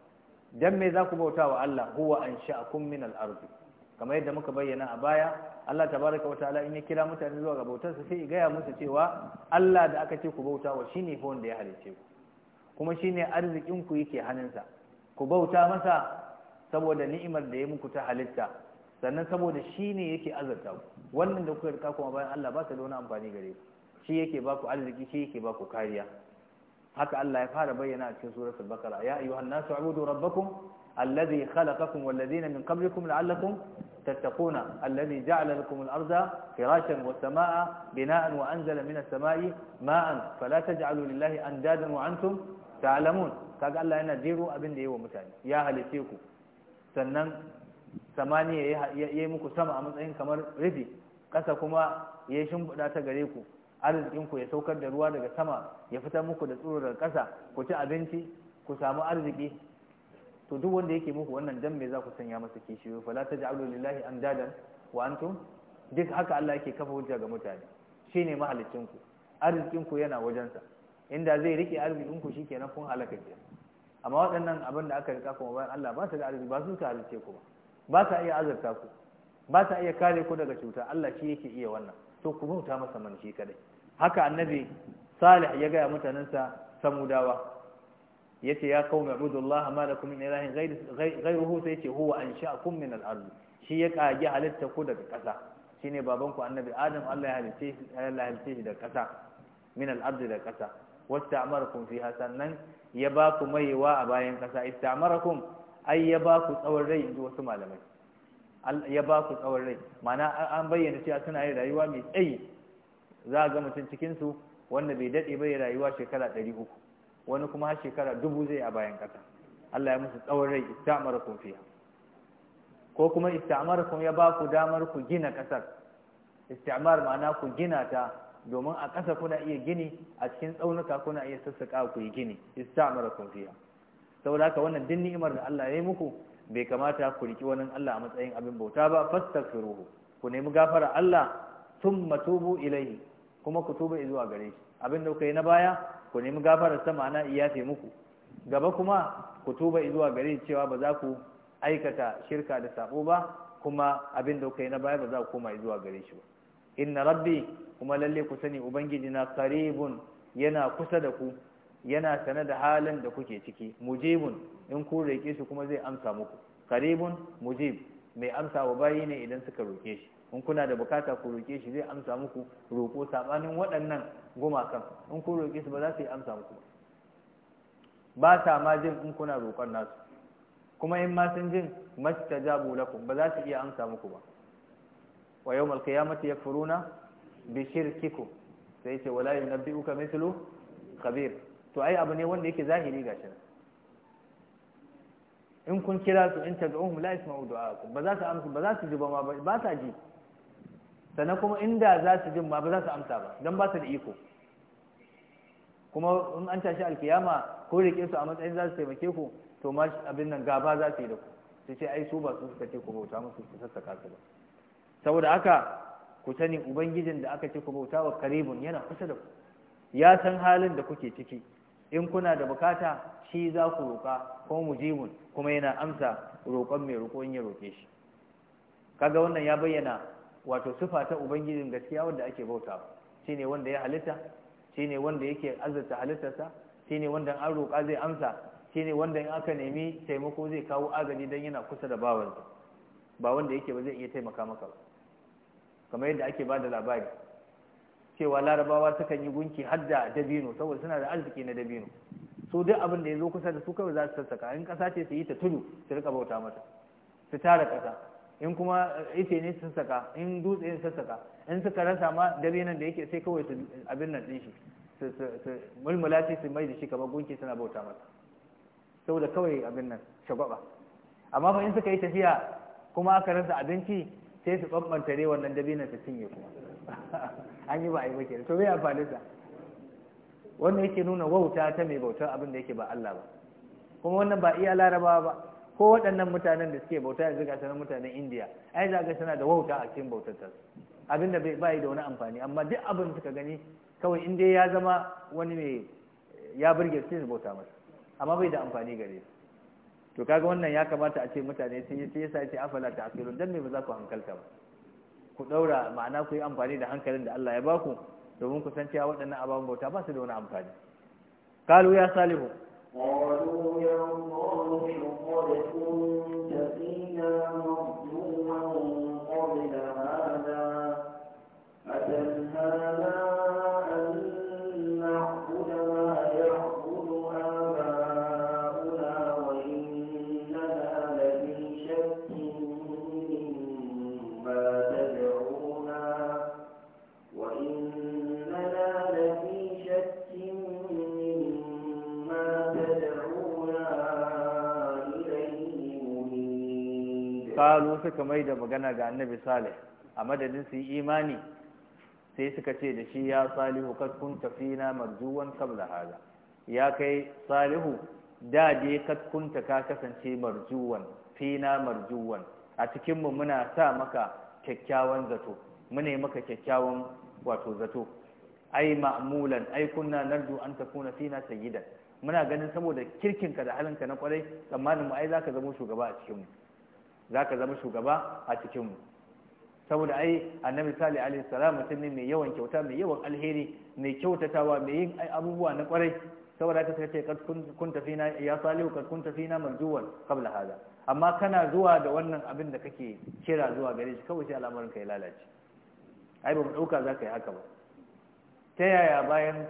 Speaker 1: dan me za ku bauta wa Allah huwa ansha'akum min al ardh kamar yadda muka bayyana a baya Allah tabaraka wa ta'ala in ya kira mutane zuwa ga bautar sa sai ya gaya musu cewa Allah da aka ce ku bauta wa shine fa wanda ya halice ku kuma shine arzikin ku yake hannunsa ku bauta masa saboda ni'imar da ya muku ta halitta sannan saboda shine yake azurta ku wannan da kuka rika kuma bayan Allah ba ta da wani amfani gare ku shi yake ba ku arziki shi yake ba ku kariya haka Allah ya fara bayyana a cikin suratul baqara ya ayyuhan nasu a'budu rabbakum alladhi khalaqakum wal ladina min qablikum la'allakum تتقون الذي جعل لكم الأرض فراشا sama'i ma'an وأنزل من السماء ماء فلا تجعلوا لله أندادا وأنتم تعلمون kaga Allah yana jero abin ya yayi wa mutane ya halice ku sannan samaniya yayi muku sama a matsayin kamar rufi Ƙasa kuma yayi shimfiɗa ta gare ku arzikin ku ya saukar da ruwa daga sama ya fitar muku da tsoro daga kasa ku ci abinci ku samu arziki to duk wanda yake muku wannan dan me za ku sanya masa kishiyo la taj'alu lillahi amdadan wa antum duk haka Allah yake kafa hujja ga mutane shine mahalicin ku arzikin ku yana wajensa inda zai rike arzikin ku shikenan kun halaka ke amma waɗannan abin da aka rika kuma bayan Allah ba su da arziki ba su ka halice ku ba ba sa iya azurta ku ba sa iya kare ku daga cuta Allah shi yake iya wannan to ku bauta masa man shi kadai haka annabi Salih ya gaya mutanansa samudawa yace ya kawo mai qaumi ubudullaha ma lakum min ilahin ghayruhu sai ce huwa ansha'akum min al-ard shi ya kage halitta ku daga ƙasa shine baban ku annabi adam Allah ya halice shi daga ƙasa min al'adu daga ƙasa wasta'marakum fiha sannan ya ba ku maiwa a bayan ƙasa istamarakum ai ya ba ku tsawon rai inji wasu malamai ya ba ku tsawon rai mana an bayyana cewa suna yin rayuwa mai tsayi za a ga mutum cikinsu wanda bai daɗe bai rayuwa shekara ɗari uku wani kuma har shekara dubu zai a bayan ƙasa Allah ya musu tsawon rai kun fiya. ko kuma ku ya ba ku damar ku gina ƙasar istamar ma'ana ku gina ta domin a ƙasa kuna iya gini a cikin tsaunuka kuna iya sassaƙa ku yi gini istamarakum fiya. saboda haka wannan din ni'imar da Allah ya yi muku bai kamata ku riki wani Allah a matsayin abin bauta ba fastaghfiruhu ku nemi gafara Allah thumma tubu ilaihi kuma ku tuba zuwa gare shi abin da kuka yi na baya ku nemi gafarar ta ma'ana iyafe muku gaba kuma ku tuba zuwa gare cewa ba za ku aikata shirka da sabo ba kuma abin da kuka na baya ba za ku koma zuwa gare shi ba inna rabbi kuma lalle ku sani ubangiji na qaribun yana kusa da ku yana sane da halin da kuke ciki mujibun in ku roke shi kuma zai amsa muku qaribun mujib mai amsa wa bayi ne idan suka roke shi in kuna da bukata ku roke shi zai amsa muku roƙo sabanin waɗannan gumakan in ku roke su ba za su yi amsa muku ba ba sa ma jin in kuna roƙon nasu kuma in ma sun jin mastajabu lakum ba za su iya amsa muku ba wa yawmal qiyamati yakfuruna bi shirkikum sai ce wala yunabbi'uka mithlu khabir to ai abu ne wanda yake zahiri gashi in kun kira su in tad'uhum la yasma'u du'a'akum ba za su amsa ba za su ji ba ba sa ji sannan kuma inda za su jin ba ba za su amsa ba don ba su da iko kuma in an tashi alkiyama ko rike su a matsayin za su taimake ku to ma abin nan gaba za su yi da ku sai ce ai su ba su suka ce ku bauta musu su sassaka su ba saboda haka ku sani ubangijin da aka ce ku bauta wa karibun yana kusa da ku ya san halin da kuke ciki in kuna da bukata shi za ku roƙa ko mujibun kuma yana amsa roƙon mai roƙo in ya roƙe shi kaga wannan ya bayyana wato sufa ta ubangijin gaskiya wanda ake bauta shine wanda ya halitta shine wanda yake azurta halittarsa shine wanda an roƙa zai amsa shine wanda in aka nemi taimako zai kawo agaji don yana kusa da bawansa ba wanda yake ba zai iya taimaka maka ba kamar yadda ake ba da labari cewa larabawa sukan yi gunki har da dabino saboda suna da arziki na dabino su duk abin da ya zo kusa da su kawai za su sassaka in ƙasa ce su yi ta tudu su rika bauta mata su tara ƙasa in kuma ite ne sun saka in dutse ne sun saka in suka rasa ma dare nan da yake sai kawai su abin nan din shi su mulmula shi su mai da shi kamar gunki suna bauta masa saboda kawai abin nan shagwaba amma fa in suka yi tafiya kuma aka rasa abinci sai su bambantare wannan dabe nan su cinye kuma an yi ba a yi ba to bai amfani sa wannan yake nuna wauta ta mai bautar abin da yake ba Allah ba kuma wannan ba iya larabawa ba ko waɗannan mutanen da suke bauta yanzu ga sanar mutanen indiya ai za ga suna da wauta a cikin bautar ta abin da bai bai da wani amfani amma duk abin suka gani kawai in dai ya zama wani mai ya burge su ne bauta masa amma bai da amfani gare su to kaga wannan ya kamata a ce mutane sun yi sai yasa ce afala ta asirun dan me ba za ku hankalta ba ku daura ma'ana ku yi amfani da hankalin da Allah ya baku domin ku san cewa waɗannan ababen bauta ba su da wani amfani kalu ya salihu
Speaker 2: قالوا يا الله قد كنت فينا
Speaker 1: suka mai da magana ga annabi salih a madadin su imani sai suka ce da shi ya salihu kad fina marjuwan kabla hada ya kai salihu da dai kad ta ka kasance marjuwan fina marjuwan a cikin mu muna sa maka kyakkyawan zato mune maka kyakkyawan wato zato ai ma'mulan ai kunna narju an kuna fina sayyidan muna ganin saboda ka da halinka na kwarai tsammanin mu ai zaka zama shugaba a cikin mu Za ka zama shugaba a cikin mu saboda ai annabi sali alaihi salam mutum ne mai yawan kyauta mai yawan alheri mai kyautatawa mai yin abubuwa na kwarai saboda haka sai ce kad kunta fina ya salihu kad kunta fina marjuwan qabla hada amma kana zuwa da wannan abin da kake kira zuwa gare shi kawai sai al'amarin ka ya lalace ai ba mu dauka ka yi haka ba ta yaya bayan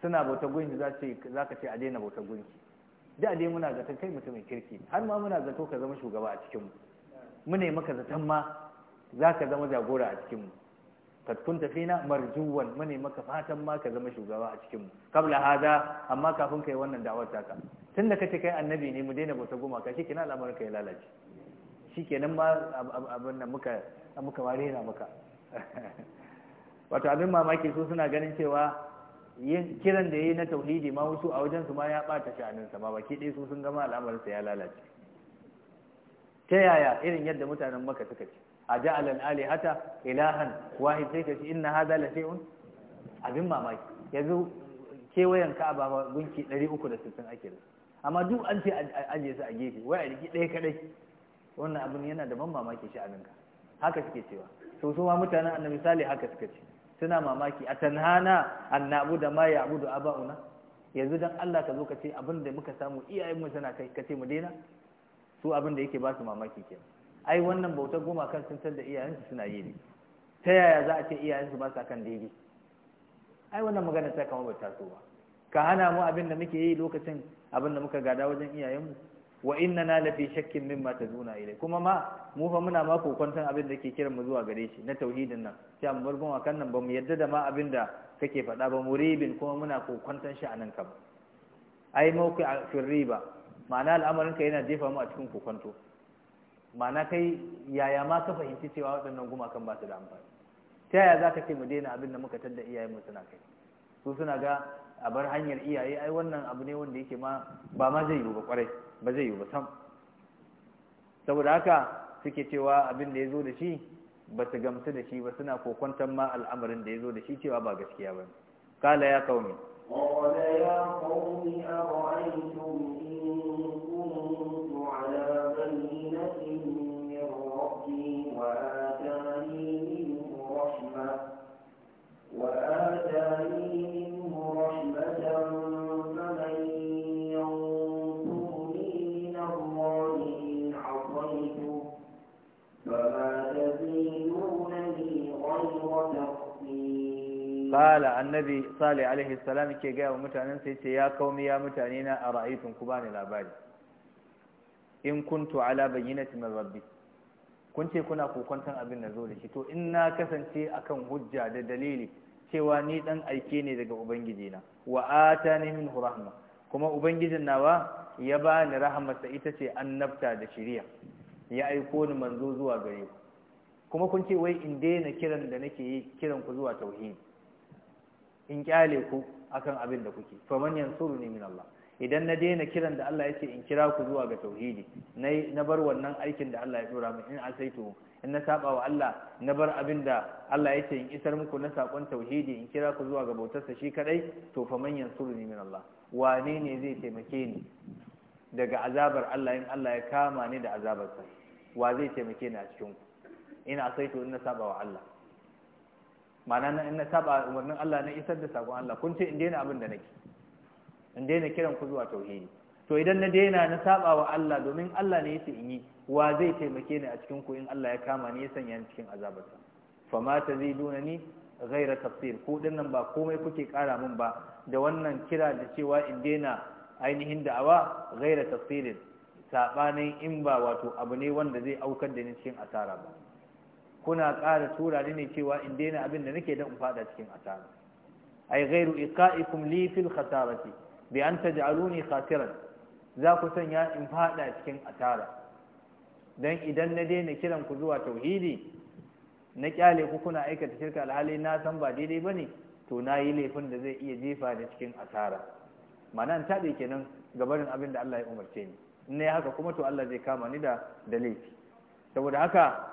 Speaker 1: suna bauta gunki za ka ce a daina bauta gunki da dai muna zaton kai mutumin kirki har ma muna zato ka zama shugaba a cikinmu mu ne maka zaton ma za ka zama jagora a cikinmu kad kunta fina marjuwan mu ne maka fatan ma ka zama shugaba a cikinmu kabla hada amma kafin kai wannan da'awar taka tun da kace kai annabi ne mu daina bauta gumaka shikenan al'amarin ka ya lalace shikenan ma abin nan muka muka ware na maka wato abin mamaki su suna ganin cewa kiran da ya yi na tauhidi ma wasu a wajen su ma ya ɓata sha'anin sa ma baki ɗaya su sun gama al'amarin sa ya lalace ta yaya irin yadda mutanen maka suka ce a ja'ala al hata ilahan wahid sai ce inna hadha la shay'un abin mamaki yanzu kewayen ka'aba ma gunki 360 ake da amma duk an ce aje su a gefe wai a riki ɗaya kadai wannan abin yana da ban mamaki sha'anin ka haka suke cewa so su ma mutanen annabi sale haka suka ce suna mamaki a tanhana an da ma da aba'una yanzu dan Allah ka zo ka ce abin da muka samu iyayen mu suna ka ce mu daina su abin da yake ba su mamaki ke? ai wannan bautar goma kan sun san da iyayen su suna yi ne ta yaya za a ce iyayen su ba sa kan daidai ai wannan magana ta kama bai taso ba ka hana mu abin da muke yi lokacin abin da muka gada wajen iyayen mu wa inna na lafi shakkin min ta zuna ilai kuma ma mu fa muna ma kokwantan abin da ke kiran mu zuwa gare shi na tauhidin nan sai mu bar gonwa kan nan ba mu yadda da ma abin da kake faɗa ba muribin kuma muna kokwantan shi nan kam ai mauki a riba ma'ana al'amarin ka yana jefa mu a cikin kokwanto ma'ana kai yaya ma ka fahimci cewa waɗannan gumakan ba su da amfani ta yaya za ka ce mu daina abin da muka tadda mu suna kai su suna ga a bar hanyar iyaye ai wannan abu ne wanda yake ma ba ma zai yiwu ba kwarai ba zai yi ba sam saboda haka suke cewa abin da ya zo da shi ba su gamsu da shi ba suna kokwantar ma al'amarin da ya zo da shi cewa ba gaskiya ba kala ya kaumi ya a qala annabi sali alaihi salam ke gaya wa mutanen sai ce ya kaumi ya mutane na a ra'ayin ku bani labari in kuntu ala bayyinati min rabbi kun ce kuna kukantan abin da zo da shi to in na kasance akan hujja da dalili cewa ni dan aike ne daga ubangijina wa atani min rahma kuma ubangijin nawa ya bani sa ita ce annabta da shiriya ya aiko ni manzo zuwa gare ku kuma kun ce wai in daina kiran da nake yi kiran ku zuwa tauhidi in kyale ku akan abin da kuke fa man yansuruni min Allah idan na daina kiran da Allah yake in kira ku zuwa ga tauhidi na bar wannan aikin da Allah ya dora min in asaitu in na saba wa Allah na bar abin da Allah yake in isar muku na sakon tauhidi in kira ku zuwa ga bautarsa shi kadai to fa man yansuruni min Allah wane ne zai taimake ni daga azabar Allah in Allah ya kama ni da sa wa zai taimake ni a cikin ku in asaitu in na saba wa Allah ma'ana na ina saba umarnin Allah na isar da sakon Allah kun ce in daina abin da nake in daina kiran ku zuwa tauhidi to idan na daina na saba wa Allah domin Allah ne yace in yi wa zai taimake ni a cikin ku in Allah ya kama ni ya sanya ni cikin azabarsa fa ma taziduna ni ghaira tafsir ku dinnan ba komai kuke kara min ba da wannan kira da cewa in daina ainihin da'awa ghaira tafsirin sabanin in ba wato abu ne wanda zai aukar da ni cikin asara ba kuna ƙara tura ne cewa in daina abin da nake don in fada cikin asara ai ghairu iqa'ikum li fil khasarati bi an taj'aluni khasiran za ku sanya in fada cikin asara dan idan na daina kiran ku zuwa tauhidi na kyale ku kuna aikata shirka alhali na san ba daidai bane to na yi laifin da zai iya jefa da cikin asara mana an taɗe kenan gabarin abin da Allah ya umarce ni in na yi haka kuma to Allah zai kama ni da da laifi saboda haka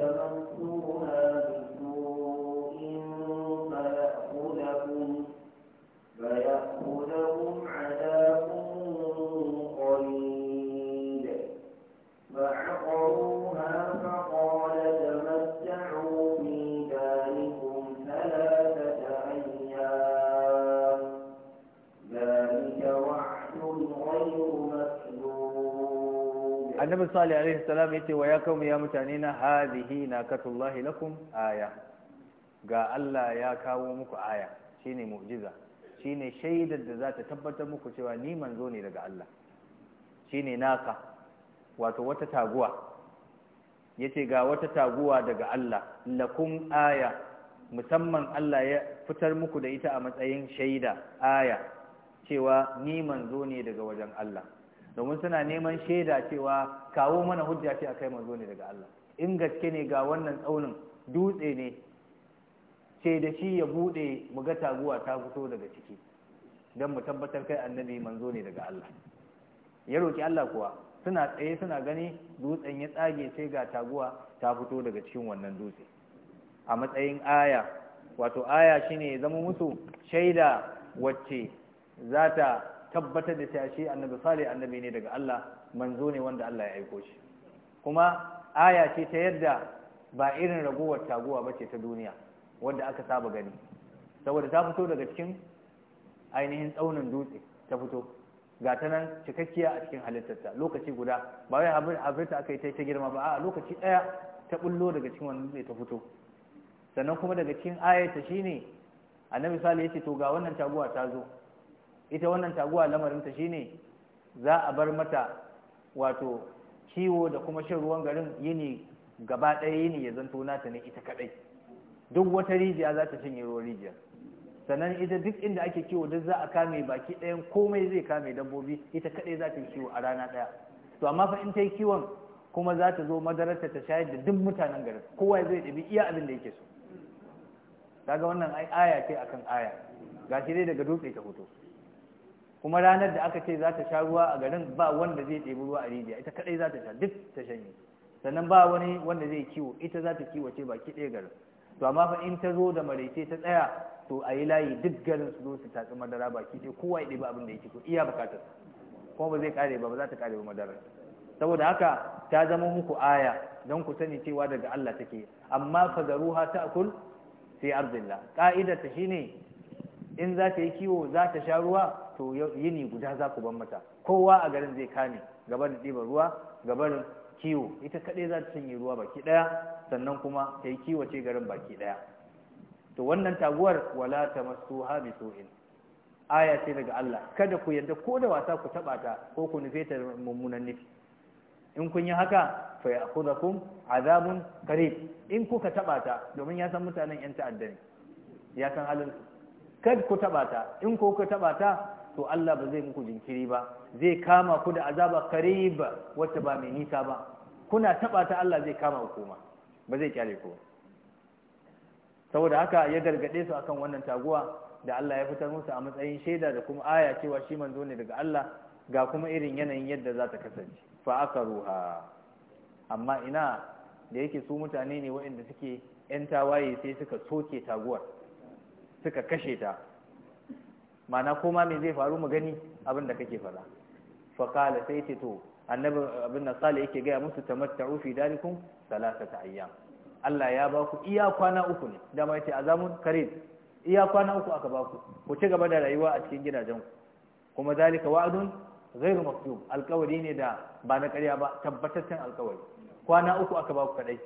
Speaker 1: annabi salih alaihi salam yace wa ya kawo ya mutane na na katullahi lakum aya ga Allah ya kawo muku aya shine mu'jiza shine shaidar da za ta tabbatar muku cewa ni manzo ne daga Allah shine naka wato wata taguwa yace ga wata taguwa daga Allah lakum aya musamman Allah ya fitar muku da ita a matsayin shaida aya cewa ni manzo ne daga wajen Allah domin suna neman shaida cewa kawo mana hujja ce akai manzo ne daga Allah in gaske ne ga wannan tsaunin dutse ne ce da shi ya bude mu ga taguwa ta fito daga ciki don mu tabbatar kai annabi manzo ne daga Allah ya roki Allah kuwa suna tsaye suna gani dutsen ya tsage sai ga taguwa ta fito daga cikin wannan dutse a matsayin aya wato aya shine ya zama musu shaida wacce za ta tabbatar da cewa shi annabi salih annabi ne daga Allah manzo ne wanda Allah ya aiko shi kuma aya ce ta yadda ba irin ragowar taguwa ba ce ta duniya wanda aka saba gani saboda ta fito daga cikin ainihin tsaunin dutse ta fito ga ta nan cikakkiya a cikin halittarta lokaci guda ba wai halitta aka yi ta ta girma ba a lokaci ɗaya ta bullo daga cikin wannan dutse ta fito sannan kuma daga cikin ayata shine annabi sali ya ce to ga wannan taguwa ta zo ita wannan taguwa lamarin lamarinta shine za a bar mata wato kiwo da kuma shan ruwan garin yini gaba ɗaya yini ya zanto nata ne ita kadai duk wata rijiya za ta cinye ruwan rijiyar sannan ita duk inda ake kiwo duk za a kame baki ɗayan komai zai kame dabbobi ita kadai za ta yi kiwo a rana ɗaya to amma fa in ta yi kiwon kuma za ta zo madararta ta shayar da duk mutanen garin kowa zai ɗabi iya abin da yake so kaga wannan ai aya ce akan aya gashi dai daga dutse ta fito kuma ranar da aka ce za ta sha ruwa a garin ba wanda zai ɗebi ruwa a rijiya ita kadai za ta sha duk ta shanye sannan ba wani wanda zai kiwo ita za ta kiwace baki ɗaya garin to amma fa in ta zo da maraice ta tsaya to a yi layi duk garin su zo su tatsi madara baki ɗaya kowa ya ɗebi abin da yake ko, iya buƙatar. kuma ba zai ƙare ba ba za ta ƙare ba madarar saboda haka ta zama muku aya don ku sani cewa daga Allah take amma fa zaruha ta'kul fi ardillah ka'idar ta shine in za ta yi kiwo za ta sha ruwa To yini guda za ku ban mata kowa a garin zai kame gaba da ɗiba ruwa gabar kiwo ita kaɗai za ta cinye ruwa baki ɗaya sannan kuma ta yi kiwace garin baki ɗaya to wannan taguwar wala ta masu habi so'in aya ce daga Allah kada ku yarda ko da wasa ku taɓa ta ko ku nufe ta mummunan nufi in kun yi haka fa ya kun azabun karib in kuka taɓa ta domin ya san mutanen 'yan ta'adda ne ya san halin kad ku taɓa ta in ko ku taɓa ta to Allah ba zai muku jinkiri ba zai kama ku da azaba karib wacce ba mai nisa ba kuna taba ta Allah zai kama ku ma ba zai kyale ku saboda haka ya gargade su akan wannan taguwa da Allah ya fitar musu a matsayin shaida da kuma aya cewa shi manzo ne daga Allah ga kuma irin yanayin yadda za ta kasance fa akaruha amma ina da yake su mutane ne waɗanda suke 'yan tawaye sai suka soke taguwar suka kashe ta ma'ana koma me zai faru mu gani abin da kake faɗa fa qala sai ce to annabi abin nan sale yake gaya musu tamattu fi dalikum salasata ayyam Allah ya ba ku iya kwana uku ne ma yace azamun karib iya kwana uku aka ba ku ku ci gaba da rayuwa a cikin gidajen ku kuma zalika wa'dun ghairu maktub alqawli ne da ba na ƙarya ba tabbataccen alƙawari kwana uku aka ba ku kadai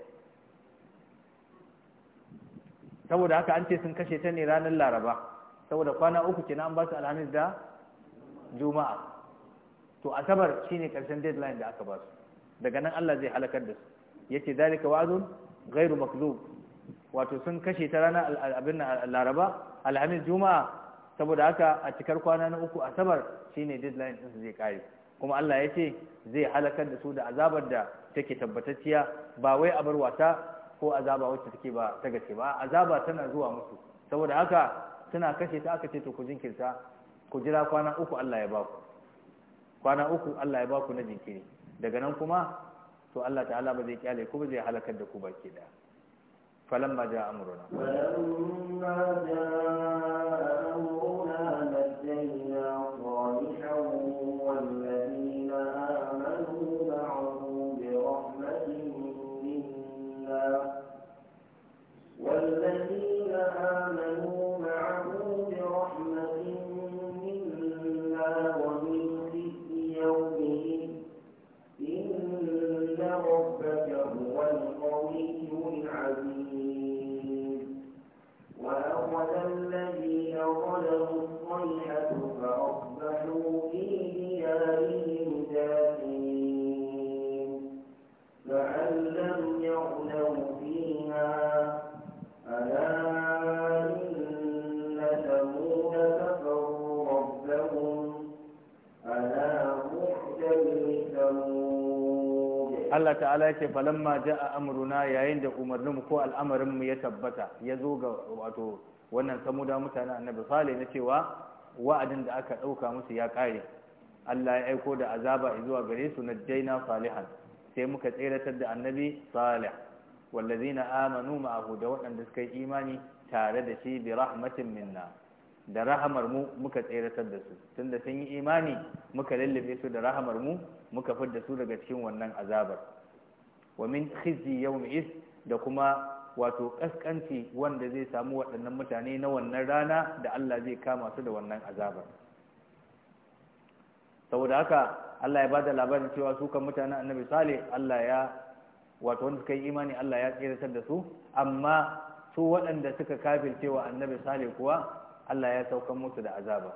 Speaker 1: saboda haka an ce sun kashe ta ne ranar laraba saboda kwana uku kenan an ba su alhamis da juma'a to asabar shine karshen deadline da aka ba su daga nan Allah zai halakar da su yace zalika wa'dun ghairu makzub wato sun kashe ta rana abin laraba alhamis juma'a saboda haka a cikar kwana na uku asabar shine deadline din su zai kare kuma Allah yace zai halakar da su da azabar da take tabbatacciya ba wai a bar wasa ko azaba wacce take ba ta gaske ba azaba tana zuwa musu saboda haka suna kashe ta aka ce to ku jinkirta ku jira kwana uku Allah ya baku kwana uku Allah ya baku na jinkiri daga nan kuma to Allah ta'ala ba zai kyale ku ba zai halakar da ku baki da falamma ja amruna
Speaker 2: falamma amruna
Speaker 1: ta'ala yake falamma ja'a amruna yayin da umarnin mu ko al'amarin mu ya tabbata ya zo ga wato wannan samuda mutane annabi sale na cewa wa'adin da aka dauka musu ya kare Allah ya aiko da azaba zuwa gare su najjaina salihan sai muka tseratar da annabi salih wallazina amanu ma'ahu da waɗanda suka yi imani tare da shi bi rahmatin minna da rahamar mu muka tseratar da su tunda sun yi imani muka lallabe su da rahamar mu muka fidda su daga cikin wannan azabar wa min khizi yawmiz da kuma wato kaskanci wanda zai samu waɗannan mutane na wannan rana da Allah zai kama su da wannan azabar saboda haka Allah ya bada labarin cewa su kan mutanen Annabi Saleh Allah ya wato wanda suka yi imani Allah ya tsiratar da su amma su waɗanda suka kafirce wa Annabi Saleh kuwa Allah ya sauka musu da azaba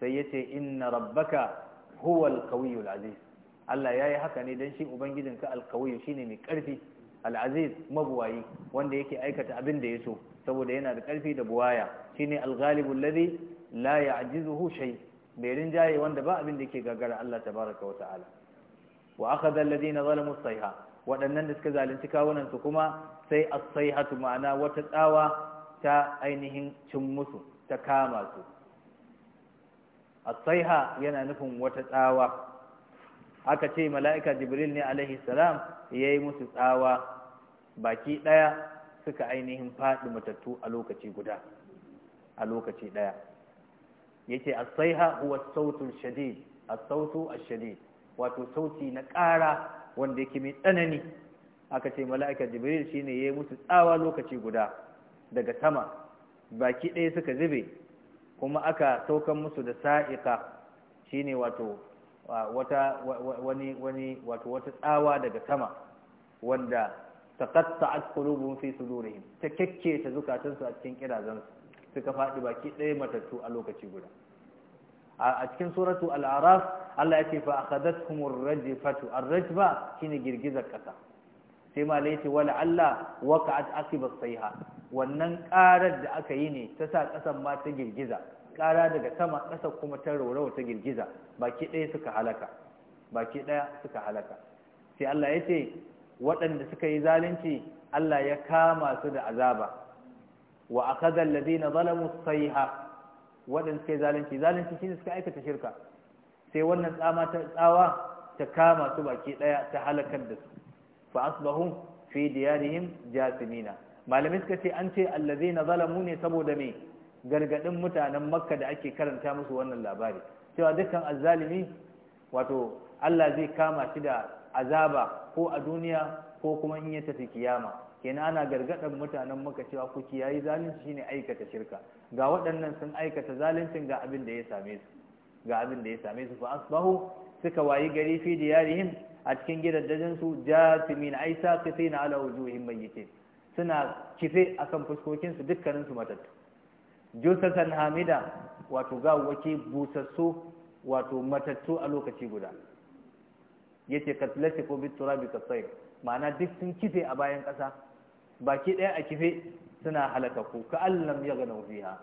Speaker 1: sai yace inna rabbaka huwal qawiyyul aziz Allah ya yi haka ne don shi ubangijinka alkawiyu ne mai ƙarfi al'aziz mabuwayi wanda yake aikata abin da ya so saboda yana da ƙarfi da buwaya shine al-ghalibu alladhi la ya'jizuhu shay bai rinjaye wanda ba abin da yake gagara Allah baraka wa ta'ala wa akhadha alladhina zalamu saiha waɗannan da suka zalunci kawunan su kuma sai saiha tu ma'ana wata tsawa ta ainihin cin musu ta kama su a saiha yana nufin wata tsawa aka ce mala'ika jibril ne alaihi salam ya yi musu tsawa baki ɗaya suka ainihin faɗi matattu a lokaci guda a lokaci ɗaya yake asaiha huwa sautun shadid asautu ashadid wato sauti na ƙara wanda yake mai tsanani aka ce mala'ika jibril shine yayi musu tsawa lokaci guda daga sama baki ɗaya suka zube kuma aka saukan musu da sa'iqa shine wato wata wani wani wato wata tsawa daga sama wanda taqatta'at qulubuhum fi sudurihim ta kekke ta zukatansu a cikin kirazan suka faɗi baki ɗaya matattu a lokaci guda a cikin suratu al-araf Allah yake fa akhadathumur rajfatu ar-rajfa kini girgizar ƙasa sai malaiti yace wala alla waqa'at aqibat sayha wannan ƙarar da aka yi ne ta sa kasan ma ta girgiza ƙara daga sama ƙasa kuma ta rora ta girgiza baki ɗaya suka halaka baki ɗaya suka halaka sai Allah ya ce waɗanda suka yi zalunci Allah ya kama su da azaba wa akhadha alladhina zalamu sayha waɗanda suka yi zalunci zalunci shine suka aikata shirka sai wannan tsama ta tsawa ta kama su baki ɗaya ta halakar da su fa asbahu fi diyarihim jasimina Malamin suka ce an ce allazina zalamu ne saboda me gargadin mutanen makka da ake karanta musu wannan labari cewa dukkan azzalimi wato Allah zai kama shi da azaba ko a duniya ko kuma in ya tafi kiyama kenan ana gargaɗan mutanen Makka cewa ku kiyayi zalunci shine aikata shirka ga waɗannan sun aikata zaluncin ga abin da ya same su ga abin da ya same su fa asbahu suka wayi gari fi diyarihim a cikin gidajen su jasimin aisa na ala wujuhim mayyitin suna kife akan fuskokin su dukkanin su matattu jusasan hamida wato gawawwaki busassu wato matattu a lokaci guda yace katlati ko biturabi kasai ma'ana duk sun kife a bayan ƙasa baki ɗaya a kife suna halaka ku ka allam ya gana fiha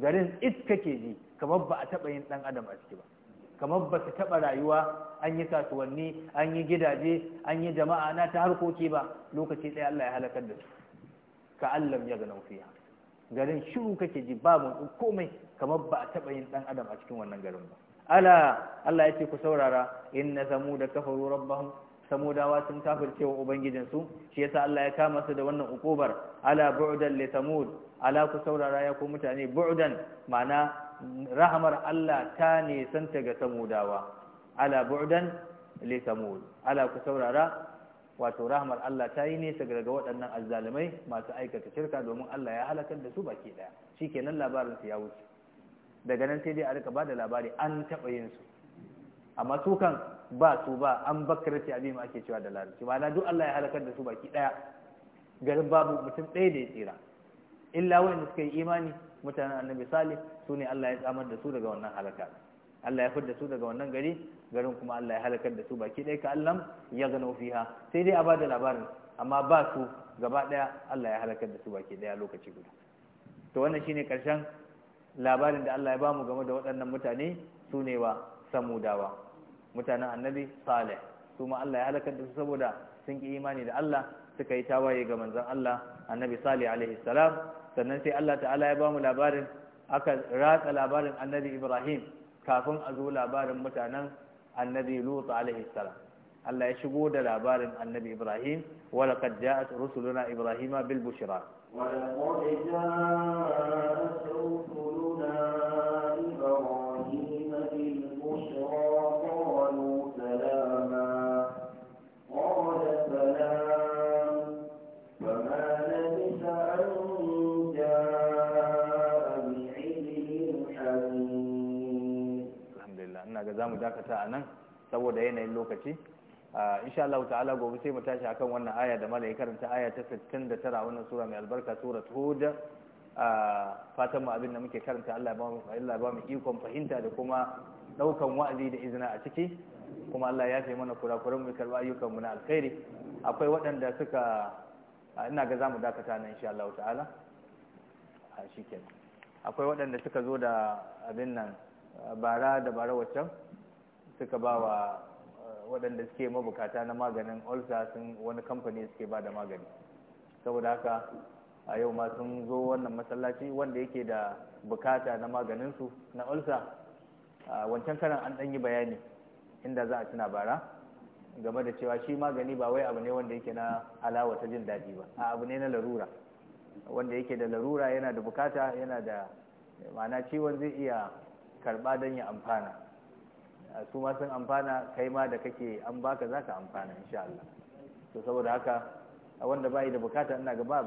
Speaker 1: garin it kake ji kamar ba a taɓa yin ɗan adam a ciki ba kamar ba su taɓa rayuwa an yi kasuwanni an yi gidaje an yi jama'a na ta harkoki ba lokaci ɗaya Allah ya halakar da su ka allam ya gana fiha garin shiru kake ji ba motsin komai kamar ba a taɓa yin ɗan adam a cikin wannan garin ba ala Allah ya ce ku saurara inna samuda kafaru rabbahum samudawa sun kafirce wa su shi yasa Allah ya kama su da wannan ukubar ala bu'dan li samud ala ku saurara ya ku mutane bu'dan ma'ana rahamar Allah ta ne santa ga samudawa ala bu'dan li samud ala ku saurara wato rahmar Allah ta yi nesa daga waɗannan azzalumai masu aikata shirka domin Allah ya halakar da su baki Shi shikenan labarin su ya wuce daga nan sai dai a rika bada labari an taɓa yin su amma su kan ba su ba an bakkarci abin ake cewa da larabci ma'ana duk Allah ya halakar da su baki ɗaya garin babu mutum ɗaya da ya tsira illa wanda suka yi imani mutanen annabi salih su ne Allah ya tsamar da su daga wannan halaka Allah ya fidda su daga wannan gari garin kuma Allah ya halakar da su baki ɗaya ka Allah ya gano fiha sai dai a bada labarin amma ba su gaba ɗaya Allah ya halakar da su baki ɗaya lokaci guda to wannan shine karshen labarin da Allah ya bamu game da waɗannan mutane su ne wa samudawa mutanen annabi salih su ma Allah ya halakar da su saboda sun ki imani da Allah suka yi tawaye ga manzon Allah annabi salih alaihi salam sannan sai Allah ta'ala ya bamu labarin aka ratsa labarin annabi ibrahim kafin a zo labarin mutanen annabi lut alaihi salam Allah ya shigo da labarin annabi Ibrahim walaqad ja'at rusuluna ibrahima bil bushra
Speaker 2: wa laqad ja'at rusuluna
Speaker 1: dakata a nan saboda yanayin lokaci insha Allah ta'ala gobe sai mu tashi akan wannan aya da malai karanta aya ta 69 wannan sura mai albarka sura hud fatan mu abin da muke karanta Allah ba mu Allah ba mu ikon fahimta da kuma daukan wa'azi da izina a ciki kuma Allah ya fi mana kurakuran mu karba ayyukan mu na alkhairi akwai waɗanda suka ina ga zamu dakata nan insha Allah ta'ala a shikenan akwai waɗanda suka zo da abin nan bara da bara waccan suka ba wa eh, waɗanda suke mabukata na maganin olsa sun wani kamfani suke ba da magani saboda haka a yau ma sun zo wannan masallaci wanda yake da bukata na maganinsu na ulcer wancan karan an ɗan yi bayani inda za a tuna bara game da cewa shi magani ba wai abu ne wanda yake na alawa ta jin daɗi ba a abu ne na larura wanda yake da larura yana da bukata yana da ma'ana ciwon zai iya karba don ya amfana su ma sun amfana kai ma da kake an baka za ka amfana insha Allah to saboda haka wanda bai da bukata ina gaba